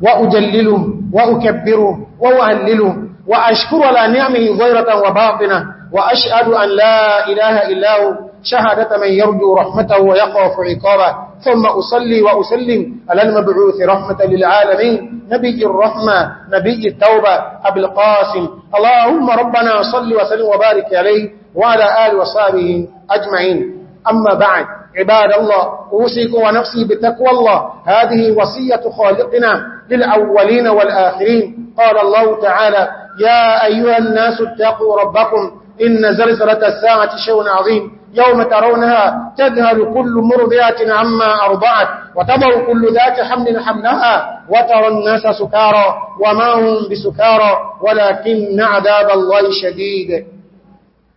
wa ujalliluhu wa ukabbiruhu wa u'alliluhu wa ashkuru ala ni'amihi zayratan wa batinah وأشهد أن لا إله إلا هو شهادة من يرجو رحمته ويخاف عقابه ثم أصلي وأسلم على المبعوث رحمة للعالمين نبي الرحمة نبي التوبة أبي القاسم اللهم ربنا صل وسلم وبارك عليه وعلى آل وصابه أجمعين أما بعد عباد الله أوسيك ونفسي بتقوى الله هذه وصية خالقنا للأولين والآخرين قال الله تعالى يا أيها الناس اتقوا ربكم إن زلزلة الساعة شيء عظيم يوم ترونها تذهل كل مرضعة عما أرضعت وتضع كل ذات حمل حملها وترى الناس سكارى وما هم بسكارى ولكن عذاب الله شديد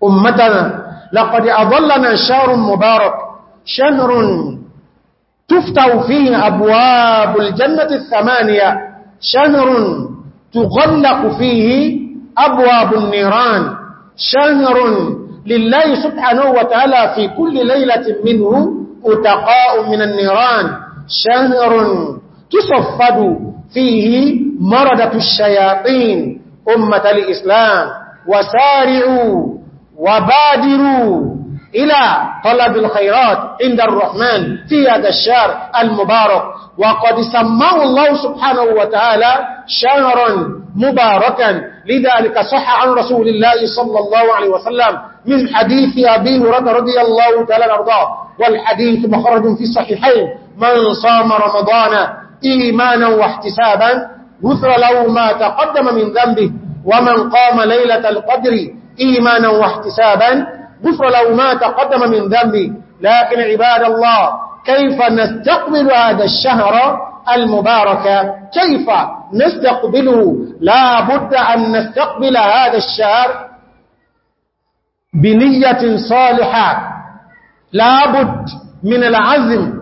أمتنا لقد أظلنا شهر مبارك شهر تفتح فيه أبواب الجنة الثمانية شهر تغلق فيه أبواب النيران شهر لله سبحانه وتعالى في كل ليلة منه أتقاء من النيران شهر تصفد فيه مردة الشياطين أمة الإسلام وسارعوا وبادروا إلى طلب الخيرات عند الرحمن في هذا الشهر المبارك وقد سماه الله سبحانه وتعالى شهرا مباركا لذلك صح عن رسول الله صلى الله عليه وسلم من حديث أبي هريرة رضي الله تعالى الأرضاء والحديث مخرج في الصحيحين من صام رمضان إيمانا واحتسابا غفر له ما تقدم من ذنبه ومن قام ليلة القدر إيمانا واحتسابا غفر له ما تقدم من ذنبي لكن عباد الله كيف نستقبل هذا الشهر المبارك كيف نستقبله لا بد أن نستقبل هذا الشهر بنية صالحة لا بد من العزم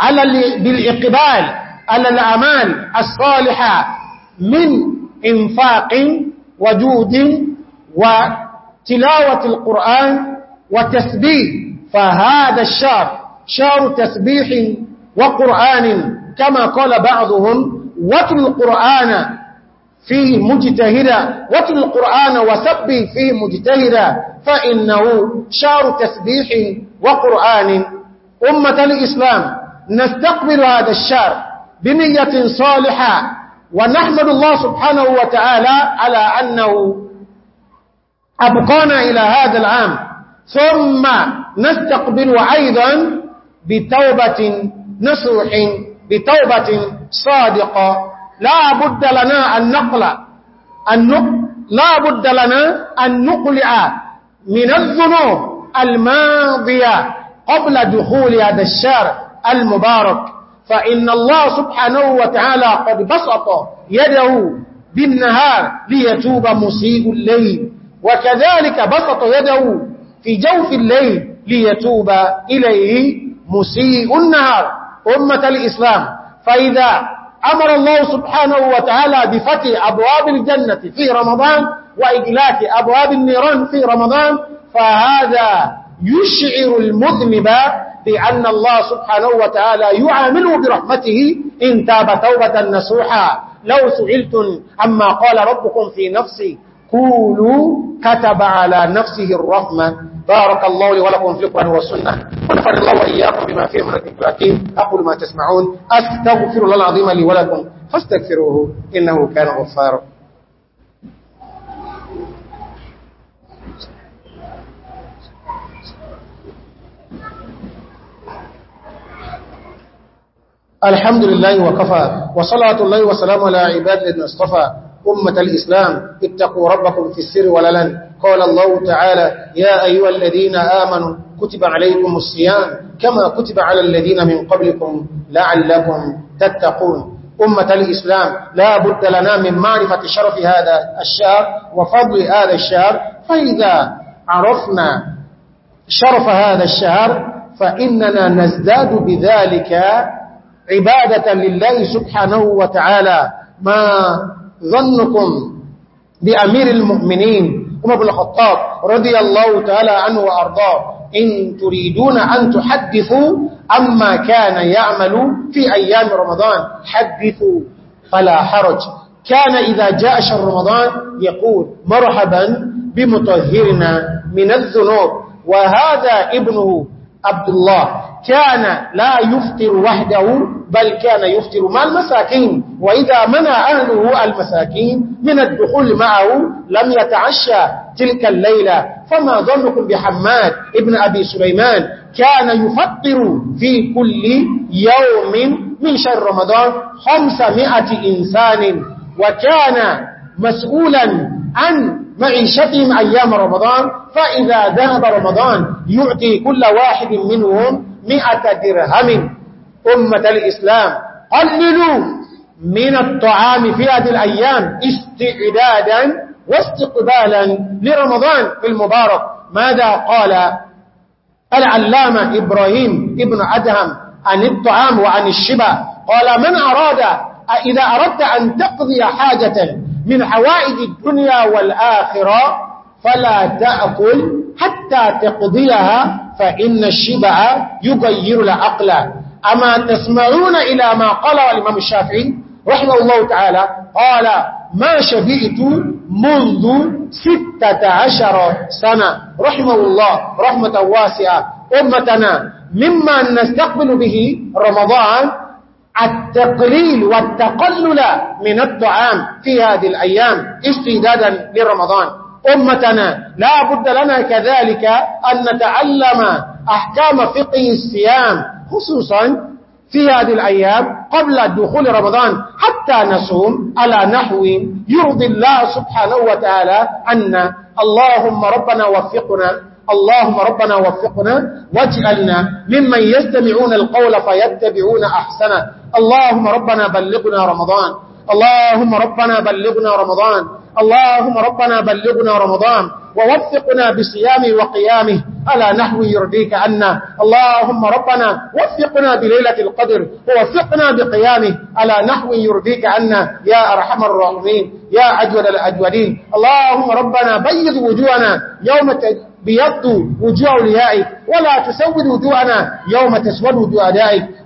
على بالإقبال على الأمان الصالحة من إنفاق وجود وتلاوة القرآن وتسبيح فهذا الشهر شهر تسبيح وقرآن كما قال بعضهم واتل القرآن فيه مجتهدا واتل القرآن وسبي فيه مجتهدا فإنه شهر تسبيح وقرآن أمة الإسلام نستقبل هذا الشهر بنية صالحة ونحمد الله سبحانه وتعالى على أنه أبقانا إلى هذا العام ثم نستقبل أيضا بتوبة نصوح بتوبة صادقة لا بد لنا أن نقلع لا بد لنا أن نقلع من الذنوب الماضية قبل دخول هذا الشارع المبارك فإن الله سبحانه وتعالى قد بسط يده بالنهار ليتوب مسيء الليل وكذلك بسط يده في جوف الليل ليتوب إليه مسيء النهار أمة الإسلام فإذا أمر الله سبحانه وتعالى بفتح أبواب الجنة في رمضان وإجلاك أبواب النيران في رمضان فهذا يشعر المذنب بأن الله سبحانه وتعالى يعامله برحمته إن تاب توبة نسوحا لو سئلتم عما قال ربكم في نفسي قولوا كتب على نفسه الرحمة بارك الله لي ولكم في القرآن والسنة ونفر الله وإياكم بما فيه من الإبراكين أقول ما تسمعون أستغفر الله العظيم لي ولكم فاستغفروه إنه كان غفار الحمد لله وكفى وصلاة الله وسلام على عباد الذين اصطفى أمة الإسلام اتقوا ربكم في السر وللن قال الله تعالى يا أيها الذين آمنوا كتب عليكم الصيام كما كتب على الذين من قبلكم لعلكم تتقون أمة الإسلام لا بد لنا من معرفة شرف هذا الشهر وفضل هذا الشهر فإذا عرفنا شرف هذا الشهر فإننا نزداد بذلك عبادة لله سبحانه وتعالى ما ظنكم بأمير المؤمنين أمر بن الخطاب رضي الله تعالى عنه وأرضاه إن تريدون أن تحدثوا أما كان يعمل في أيام رمضان حدثوا فلا حرج كان إذا جاء شهر رمضان يقول مرحبا بمطهرنا من الذنوب وهذا ابنه عبد الله كان لا يفطر وحده بل كان يفطر مع المساكين وإذا منع أهله المساكين من الدخول معه لم يتعشى تلك الليلة فما ظنكم بحماد ابن أبي سليمان كان يفطر في كل يوم من شهر رمضان خمسمائة إنسان وكان مسؤولا عن معيشتهم أيام رمضان فإذا ذهب رمضان يعطي كل واحد منهم مئة درهم أمة الإسلام قللوا من الطعام في هذه الأيام استعدادا واستقبالا لرمضان المبارك ماذا قال العلامة إبراهيم ابن أدهم عن الطعام وعن الشبه قال من أراد إذا أردت أن تقضي حاجة من عوائد الدنيا والآخرة فلا تأكل حتى تقضيها فإن الشبع يغير العقل أما تسمعون إلى ما قال الإمام الشافعي رحمه الله تعالى قال ما شبئت منذ ستة عشر سنة رحمه الله رحمة واسعة أمتنا مما نستقبل به رمضان التقليل والتقلل من الطعام في هذه الأيام استدادا لرمضان أمتنا لا بد لنا كذلك أن نتعلم أحكام فقه الصيام خصوصا في هذه الأيام قبل دخول رمضان حتى نصوم على نحو يرضي الله سبحانه وتعالى عنا اللهم ربنا وفقنا اللهم ربنا وفقنا واجعلنا ممن يستمعون القول فيتبعون أحسنه اللهم ربنا بلغنا رمضان اللهم ربنا بلغنا رمضان اللهم ربنا بلغنا رمضان ووفقنا بصيام وقيامه على نحو يرضيك عنا اللهم ربنا وفقنا بليلة القدر ووفقنا بقيامه على نحو يرضيك عنا يا أرحم الراحمين يا أجود الأجودين اللهم ربنا بيض وجوهنا يوم بيض وجوه أوليائك ولا تسود وجوهنا يوم تسود وجوه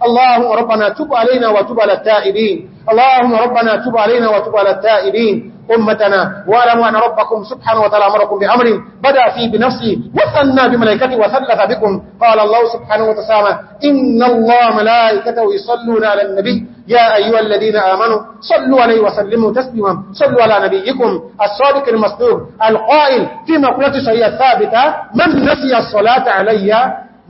اللهم ربنا تب علينا وتب على التائبين اللهم ربنا تب علينا وتب على التائبين أمتنا وألموا أن ربكم سبحانه وتعالى أمركم بأمر بدأ فيه بنفسه وثنى بملائكته وثلث بكم قال الله سبحانه وتعالى إن الله ملائكته يصلون على النبي يا أيها الذين آمنوا صلوا عليه وسلموا تسلما صلوا على نبيكم الصادق المصدوق القائل في مقولة صحية الثابتة من نسي الصلاة علي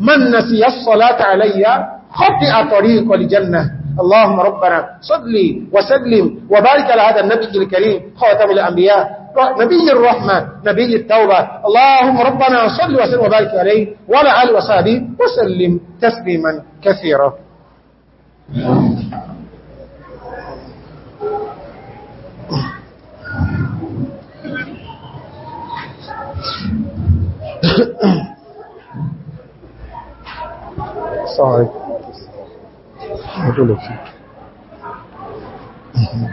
من نسي الصلاة علي خطئ طريق لجنة اللهم ربنا صلي وسلم وبارك على هذا النبي الكريم خاتم الأنبياء نبي الرحمة نبي التوبة اللهم ربنا صل وسلم وبارك عليه وعلى آل وصحبه وسلم تسليما كثيرا Sorry.